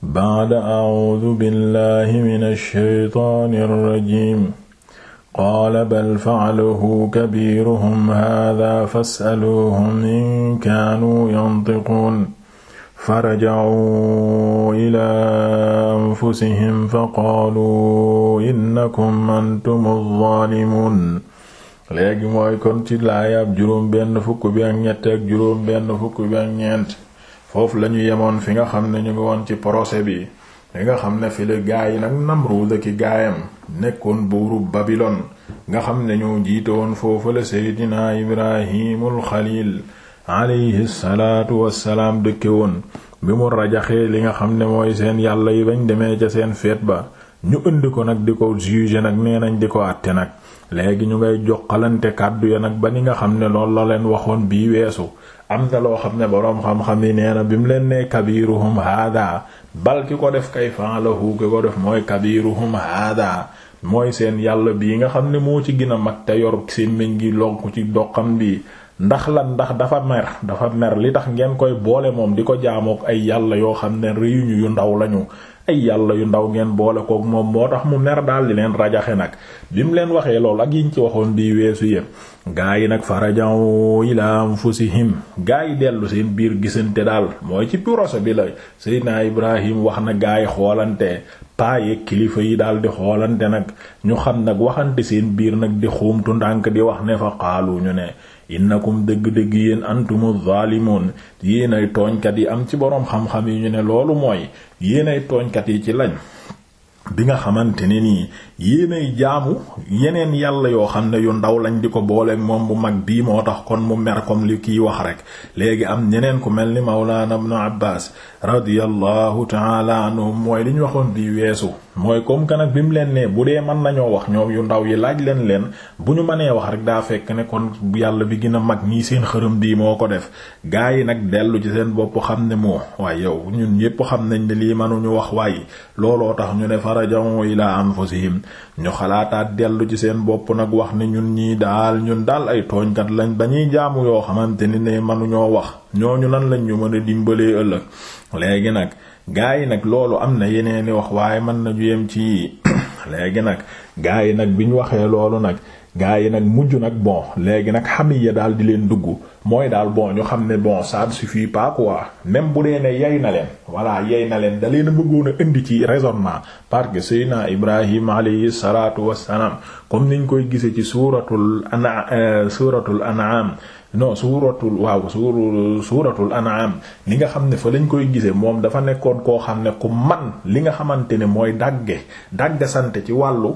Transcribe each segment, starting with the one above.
bacda acuudu billahi min alsheytaani alrajim qaala bal facalahu kabiiruhum hada fasaluuhum in kaanuu yantiquun farajacuu ilaa anfusihim faqaaluu innakum antum alzaalimuun léegi mooy kon ci laaya ab juróom benn fukk bi ak ñett ak juróom benn fukk bi ak ñeent foofu la ñu yemoon fi nga xam ne ñu ngi woon ci procès bi li nga xam ne fi la gaa yi nag Namruud ki gaayam nekkoon buuru Babilon nga xam ne ñoo jiite woon foofu la Seydina Ibrahimul Xaliil alayhi salaatu wassalaam dëkke woon bi mu rajaxee li nga xam ne mooy seen yàlla yi bañ demee ca seen feet ba ñu indi ko nag di ko juge nag nee nañ di ko àtte nag léegi ñu ngay jokkalante kàddu ya nag ba ni nga xam ne loolu la leen waxoon bii weesu am na loo xam ne boroom xam-xam yi nee na bi mu leen nee kabiruhum hada bal ki ko def kay fa'alahu ki ko def mooy kabiruhum hada mooy seen yàlla bii nga xam ne moo ci gën a mag te yor seen meñ gi lonku ci doxam bi ndax lan ndax dafa mer dafa mer li tax ngeen koy boole moom di ko jaamook ay yàlla yoo xam ne réyu yu ndaw lañu ay yàlla yu ndaw ngeen boole kook moom moo tax mu mer daal di leen rajaxe nag bi mu leen waxee lool ak yi ci waxoon bii weesu yépp gaa yi nag farajaw ila anfusihim gaa yi dellu seen biir gisante daal mooy ci procès bi la Seydina Ibrahim wax na gaa yi xoolante paaye kilifa yi daal di xoolante nag ñu xam nag waxante seen biir nag di xuumtu ndànk di wax ne fa xaalu ñu ne innakum dëgg-dëgg yéen antumu zaalimuun yéenay tooñkat yi am ci boroom xam-xam yi ñu ne loolu mooy yéenay tooñkat yi ci lañ bi nga xamante ni nii yéenay jaamu yeneen yàlla yoo xam ne yu ndaw lañ di ko booleeg moom bu mag bii moo tax kon mu mer comme li kiy wax rek léegi am ñeneen ku mel ni mawlaana ibnu abbaas radiyallahu taala anhum mooy li ñu waxoon bii weesu mooy comme que nag bi mu leen nee bu dee mën nañoo wax ñoom yu ndaw yi laaj leen leen bu ñu manee wax rek daa fekk ne kon yàlla bi gën a mag ñii seen xërëm dii moo ko def gaa yi nag dellu ci seen bopp xam ne moo waaye yow ñun yépp xam nañ ne lii mënuñu wax waaye looloo tax ñu ne farajamu ila anfusihim ñu xalaataat dellu ci seen bopp nag wax ne ñun ñii daal ñun daal ay tooñkat lañ dañuy jaamu yoo xamante ni ne mënuñoo wax ñooñu nan lañ ñu mën a dimbalee ëllëg léegi nag gaa yi nag loolu am na yeneeni wax waaye mën nañu yem ci yii léegi nag gaa yi nag bi ñu waxee loolu nag gaa yi nag mujj nag bon léegi nag xamiya daal di leen dugg mooy daal bon ñu xam ne bon ça su suffit pas quoi même bu dee ne yey na leen voilà yey na leen da na a bëggoon a indi ci raisonnement parce que Seydina Ibrahim alayhi salaatu wassalaam comme niñ koy gisee ci suuratul ana euh, suuratul an'am non suuratul waaw suur suuratul an'am li nga xam ne fa lañ koy gisee moom dafa nekkoon koo xam ne ku man li nga xamante ne mooy dagge dagge sant ci wàllu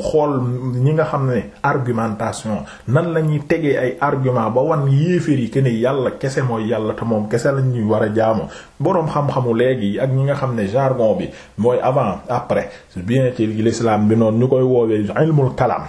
xool ñi nga xam ne argumentation nan la ñuy tegee ay argument ba wan yéeféer yi que ne yàlla kese mooy yàlla te moom kese lañ ñuy war a jaamo boroom xam-xamu léegi ak ñi nga xam ne jargon bi mooy avant après bien ci l'islam bi noonu ñu koy woowee ilmul kalam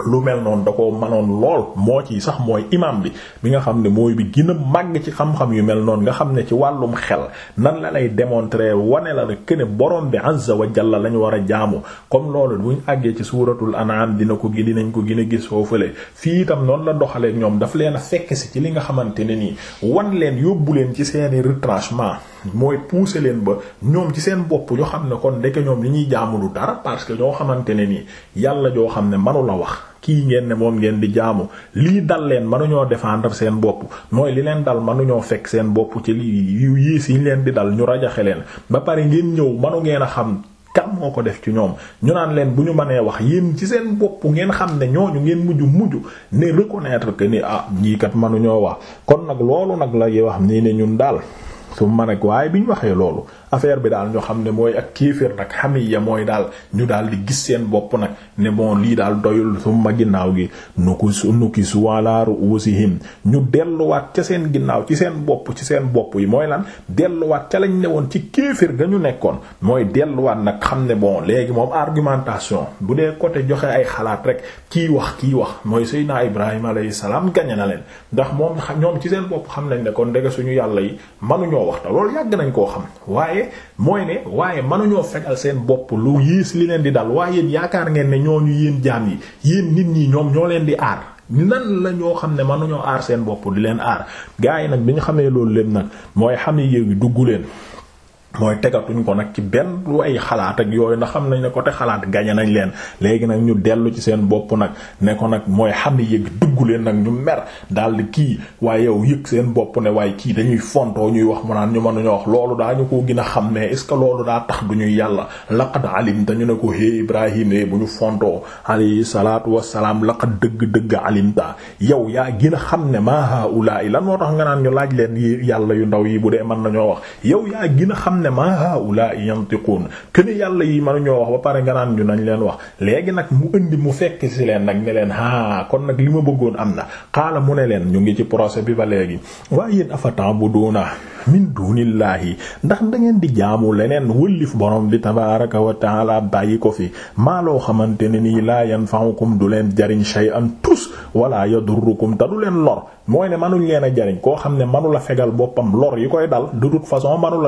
lu mel noonu da ko manoon lool moo ci sax mooy imaam bi bi nga xam ne mooy bi gën a màgg ci xam-xam yu mel noonu nga xam ne ci wàllum xel nan la lay démontrer wane la ne kene borom bi azza wa jalla la ñu war a jaamu comme loolu bu buñ àggee ci suuratul anaan dina ko gi dinañ ko gën a gis foofule fii itam noonu la doxalee ñoom daf leen a fekk si ci li nga xamante ne nii wan leen yóbbu leen ci seeni retranchement mooy pousser leen ba ñoom ci seen bopp ñu xam ne kon ndeke ñoom li ñuy jaamu du dara parce que ñoo xamante ne nii yàlla joo xam ne manu wax kii ngeen ne moom ngeen di jaamu lii dal leen mënuñoo défendre seen bopp mooy li leen dal mënuñoo fekk seen bopp ci lii yu yiis yi leen di dal ñu rajaxe leen ba pare ngeen ñëw manu ngeen a xam kan moo ko def ci ñoom ñu naan leen bu ñu manee wax yéen ci seen bopp ngeen xam ne ñooñu ngeen mujj mujj ne reconnaître que ni ah ñii kat mënuñoo wax kon nag loolu nag la yi nii ne ñun daal summa nag waaye bi ñu waxee loolu affaire bi daal ñoo xam ne mooy ak kéeféer nag xamiya mooy daal ñu daal di gis seen bopp nag ne bon lii daal doyul summa ginnaaw gi nu ko su nu ki suwalaaru wasihim ñu delluwaat ca seen ginnaaw ci seen bopp ci seen bopp yi mooy lan delluwaat ca lañ newoon ci kéeféer ga ñu nekkoon mooy delluwaat nag xam ne bon léegi moom argumentation bu dee côté joxe ay xalaat rek kii wax kii wax mooy Seydina Ibrahima alayhi salaam gañe na leen ndax moom ñoom ci seen bopp xam nañ ne kon ndege suñu yàlla yi mënuñoo wax ta loolu yàgg nañ koo xam waaye mooy ne waaye mënuñoo fegal seen bopp lu yées li leen di dal waaye yaakaar ngeen ne ñoo ñooñu yéen jaam yi yéen nit ñi ñoom ñoo leen di aar nan la ñoo xam ne mënuñoo aar seen bopp di leen aar gaa yi nag bi ñu xamee loolu lépp nag mooy xam ne yéew yi dugg leen mooy tegatuñ ko nag ci benn ay xalaat ak yooyu ndax xam nañ ne côté xalaat gañe nañ leen léegi nag ñu dellu ci seen bopp nag ne ko nag mooy xam ne yëg dugg leen nag ñu mer daldi kii waaye yow yëg seen bopp ne waaye kii dañuy fontoo ñuy wax mu naan ñu ñu wax loolu daa ñu ko gën a xam ne est ce que loolu daa tax du ñuy yàlla laqad alim te ñu ne ko hé Ibrahim é bu ñu fontoo alayhi salaatu wassalaam laqad dëgg-dëgg alimta yow yaa gën xam ne ma haula lan moo tax nga naan ñu laaj leen yi yàlla yu ndaw yi bu dee mën nañoo wax ne ma haula yantiqun kene yàlla yi manu leen wax léegi nag mu indi mu fekk ci leen nag leen kon nag li ma bëggoon am na xaala mu ne leen ñu ngi ci procès bi ba léegi waaye yéen afata'buduna min dunillahi ndax da ngeen di jaamu leneen wëllif borom bi tabaraka wa taala bàyyi ko fi maa loo xamante ne nii laa yanfa'ukum du leen jariñ shay'an tus wala yadurrukum te du leen lor mooy ne manuñ leen a jariñ koo xam ne manu la fegal boppam lor yi koy dal de façon manu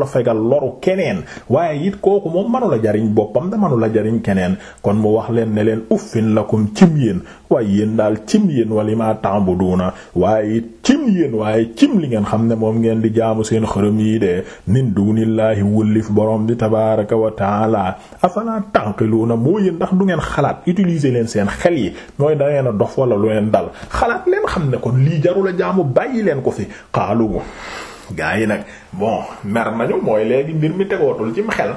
la fegal loru keneen waaye it kooku moom manu jariñ boppam da manu la jariñ keneen kon mu wax leen ne leen uffin lakum cim yéen waaye yéen daal cim yéen walimaa ta'buduna waaye it cim yéen waaye cim li ngeen xam ne moom ngeen di jaamu seen xërëm yii de min dunillahi wëllif borom di tabaraka wa taala afala taqiluna moo yéen ndax du ngeen xalaat utiliser leen seen xel yi mooy da ngeen dof wala lu leen dal xalaat leen xam ne kon lii jarul a jaamu bàyyi leen ko fi xaalu gaa yi nag bon mer nañu mooy léegi mbir mi tegootul ci xel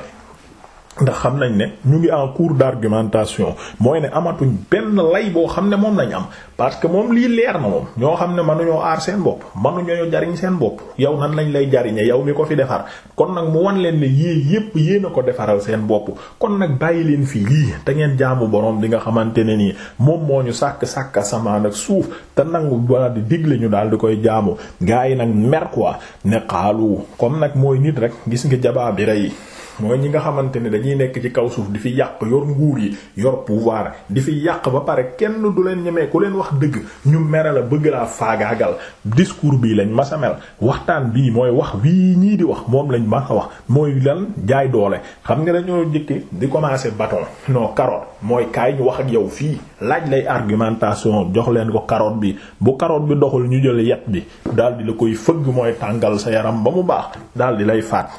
ndax xam nañ ne ñu ngi en cours d'argumentation mooy ne amatuñ benn lay boo xam ne moom lañ am parce que moom lii leer na moom ñoo xam ne mënuñoo aar seen bopp man mënuñoo jariñ seen bopp yow nan lañ lay jariñe yow mi ko fi defar kon nag mu wan leen ne yii yépp yéen a ko defaral seen bopp kon nag bàyyi leen fii lii te ngeen jaamu boroom di nga xamante ne nii moom moo ñu sàkk sàkk asamaan ak suuf te nangu ba di digle ñu daal di koy jaamu gars yi nag mer quoi ne xaalu comme nag mooy nit rek gis nga jabaa bi rey mooy ñi nga xamante ne dañuy nekk ci kaw suuf di fi yàq yor nguur yi yor pouvoir di fi yàq ba pare kenn du leen ñemee ku leen wax dëgg ñu mere la bëgg laa faagaagal discours bii lañ ma sa mel waxtaan bii mooy wax bii ñii di wax moom lañ masa wax mooy lan jaay doole xam nga dañoo jëkki di commencer baton non carotte mooy kaay ñu wax ak yow fii laaj lay argumentation jox leen ko carotte bi bu carotte bi doxul ñu jël yet bi daal di la koy fëgg mooy tàngal sa yaram ba mu baax daal di lay faat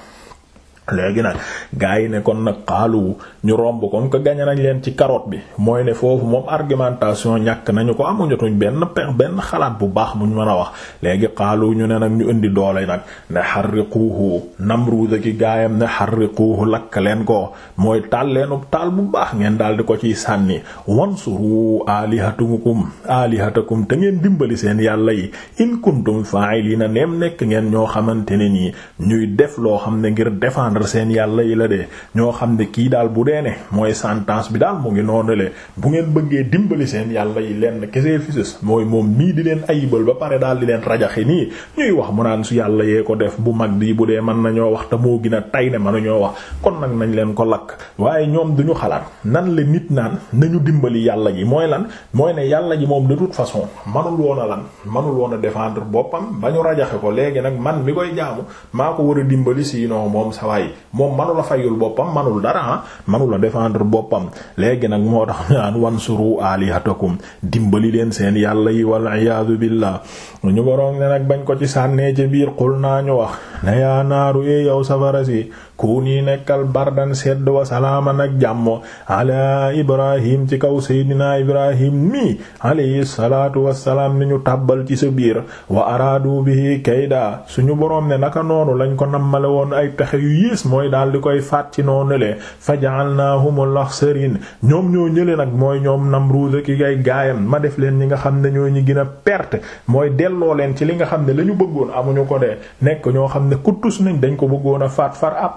léegi nag gars yi ne kon nag xaalu ñu romb comme que gañe nañ leen ci karoot bi mooy ne foofu moom argumentation ñàkk nañu ko amuñu jotuñ benn pex benn xalaat bu baax bu ñu mën a wax léegi xaalu ñu ne nag ñu indi doole nag ne xarriquuhu Namruud ki gaayam ne xarriquuhu lakk leen ko mooy taal leenub taal bu baax ngeen daal di ko ciy sànni wansuru alihatakum alihatakum te ngeen dimbali seen yàlla yi in kuntum fa'ilina neem nekk ngeen ñoo xamante ne nii ñuy def loo xam ne ngir défendre défendre seen yàlla yi la dee ñoo xam ne kii daal bu dee ne mooy sentence bi daal mu ngi noonu le bu ngeen bëggee dimbali seen yàlla yi leen kese fisus mooy moom mii di leen ayibal ba pare daal di leen rajaxi nii ñuy wax mu naan su yàlla yee ko def bu mag di bu dee mën nañoo wax te moo gën a tay ne mënuñoo wax kon nag nañ leen ko lakk waaye ñoom duñu xalaat nan la nit naan nañu dimbali yàlla ji mooy lan mooy ne yàlla ji moom de toute façon manul woon a lan woon a défendre boppam ba ñu rajaxe ko léegi nag a dimbali mooy moom manula fayul boppam manul dara ah manula défendre boppam léegi nag moo tax naan wansuru alihatakum dimbali leen seen yàlla yi wal iyaadu billah ñu boroom ne nag bañ ko ci sànnee ci biir xul naa ñu wax na yaa naaru yow safara si kuuni nekkal bardan sedd wa nag ak jàmm ala ibrahim ci kaw seydina ibrahim mi alayhi salaatu wassalaam ni ñu tàbbal ci sa biir wa araadu bihi kayda suñu boroom ne naka noonu lañ ko nammale woon ay pexe yu yées mooy daal di koy faat ci noonu le faja'alnaahumul axsariin ñoom ñoo ñële nag mooy ñoom Namruud ki ngay gaayam ma def leen ñi nga xam ne ñoo ñi gën a perte mooy delloo leen ci li nga xam ne lañu ñu bëggoon amuñu ko de nekk ñoo xam ne kuttus nañ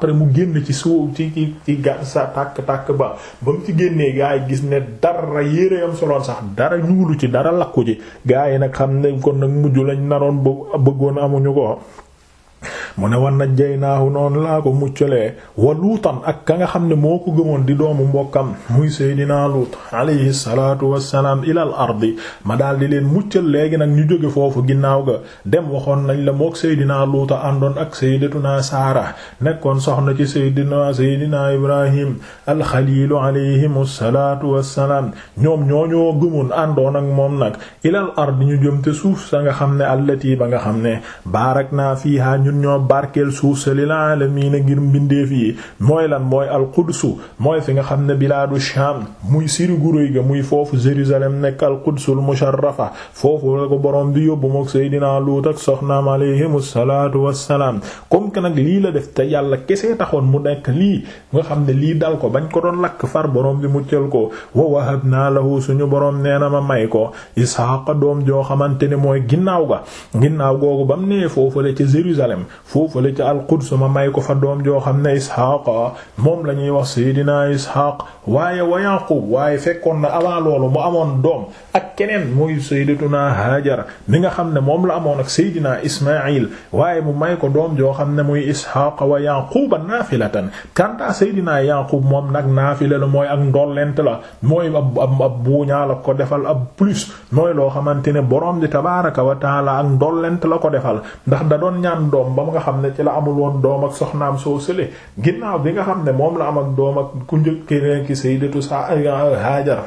après mu génn ci suuf ci ci ci ga sa tàkk-tàkk ba ba mu ci génnee gaa gis ne dara yére yam soloon sax dara ñuulu ci dara lakku ci gaa yi nag xam ne kon nag mujj lañ naroon ba bëggoon amuñu ko mu ne wan najjaynaahu noonu laa ko muccalee wa luutan ak ka nga xam ne moo ko gëmoon di doomu mbokkam muy seydinaa luut alayhi salaatu wassalaam ilal ardi ma daal di leen muccal léegi nag ñu jóge foofu ginnaaw ga dem waxoon nañ la mook seydinaa luuta àndoon ak sayyidatuna saara nekkoon soxna ci seydinaa seydinaa ibrahim alxaliilu alayhimu salaatu wassalaam ñoom ñooñoo gëmoon àndoon ak moom nag ilal ardi ñu jëm te suuf sa nga xam ne allati ba nga xam ne baarak naa fiiha ñun barkeel suuf sa lil aalamiina ngir mbindeef yi mooy lan mooy alqudsu mooy fi nga xam ne bilaadu Shaam muy siri guréy ga muy foofu Jérusalem nekk alqudsul musharrafa foofu la ko borom bi yóbbu mook Seydina Luut ak soxnaam alayhimu salaatu wassalaam comme que nag lii la def te yàlla kese taxoon mu nekk lii nga xam ne lii dal ko bañ ko doon lakk far borom bi muccal ko wa wahabnaa lahu suñu borom nee na ma may ko Isxaaqa doom joo xamante ne mooy ginnaaw ga ginnaaw googu bam nee foofu la ca Jérusalem foofale ca al-Quds ma may ko fa doom joo xam ne Isxaaqa moom la ñuy wax Seydina Isxaaq waaye wa Yaaqub waaye fekkoon na avant loolu mu amoon doom ak keneen muy Sayyidatuna Haajara mi nga xam ne moom la amoon ak Seydina Ismaayil waaye mu may ko doom joo xam ne muy Isxaaqa wa Yaaquba naafilatan kanta Seydina Yaaqub moom nag naafila la mooy ak ndollent la mooy ab ab ab buuñaa la ko defal ab plus mooy loo xamante ne borom di tabaaraka wa taala ak ndollent la ko defal xam ne ci la amul woon doom ak soxnaam soo sële ginnaaw bi nga xam ne moom la amak ak doom ak ku njëkk ki sayyidatu sa Hajar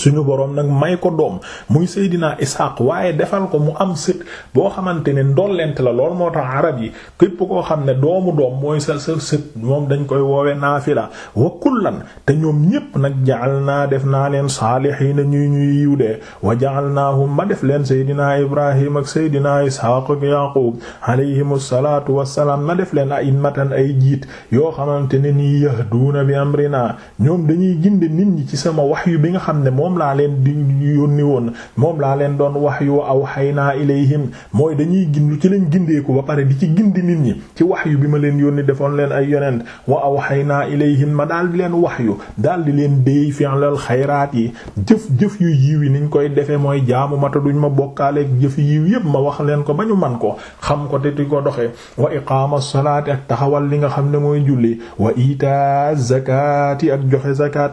suñu boroom nag may ko doom muy Seydina Ishaq waaye defal ko mu am sët boo xamante ne ndollent la lool moo tax arab yi képp koo xam ne doomu doom mooy sa sa sët moom dañ koy woowe naafila wa kullan te ñoom ñépp nag jaal naa def naa leen saalihiina ñuy ñuy yiw de wa jaal naahum ma def leen Seydina Ibrahim ak Seydina Ishaq ak Yaqub alayhimu salaatu wassalaam ma def leen a'immatan ay jiit yoo xamante ne nii yahduuna bi amrina ñoom dañuy gindi nit ci sama wahyu bi nga xam ne moom moom laa leen di yónni woon moom laa leen doon wax yu aw xaynaa ilayhim mooy dañuy gin lu ci leen gindeeku ba pare di ci gindi nit ñi ci wax yu bi ma leen yónni defoon leen ay yonent wa aw xaynaa ilayhim ma daal di leen wax yu daal di leen déey fi'lal xayraat yi jëf jëf yu yiw yi niñ koy defee mooy jaamu mata duñ ma bokkaaleeg jëf yiw yépp ma wax leen ko ba ñu man ko xam ko te di ko doxee wa iqaama salaati ak taxawal li nga xam ne mooy julli wa itaa zakaati ak joxe zakaat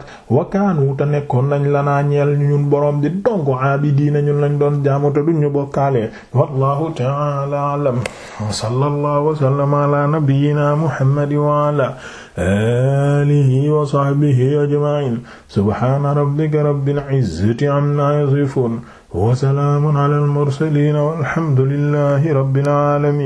ñeel ñun borom di dong aabidiina ñun lañ doon jaamu te duñ ñu bokkaale wallahu ta'ala a'lam wa sallallahu wa sallama ala nabiyyina muhammad wa ala alihi wa sahbihi ajma'in subhana rabbika rabbil izzati amma yasifun wa salamun ala al mursalin walhamdulillahi rabbil alamin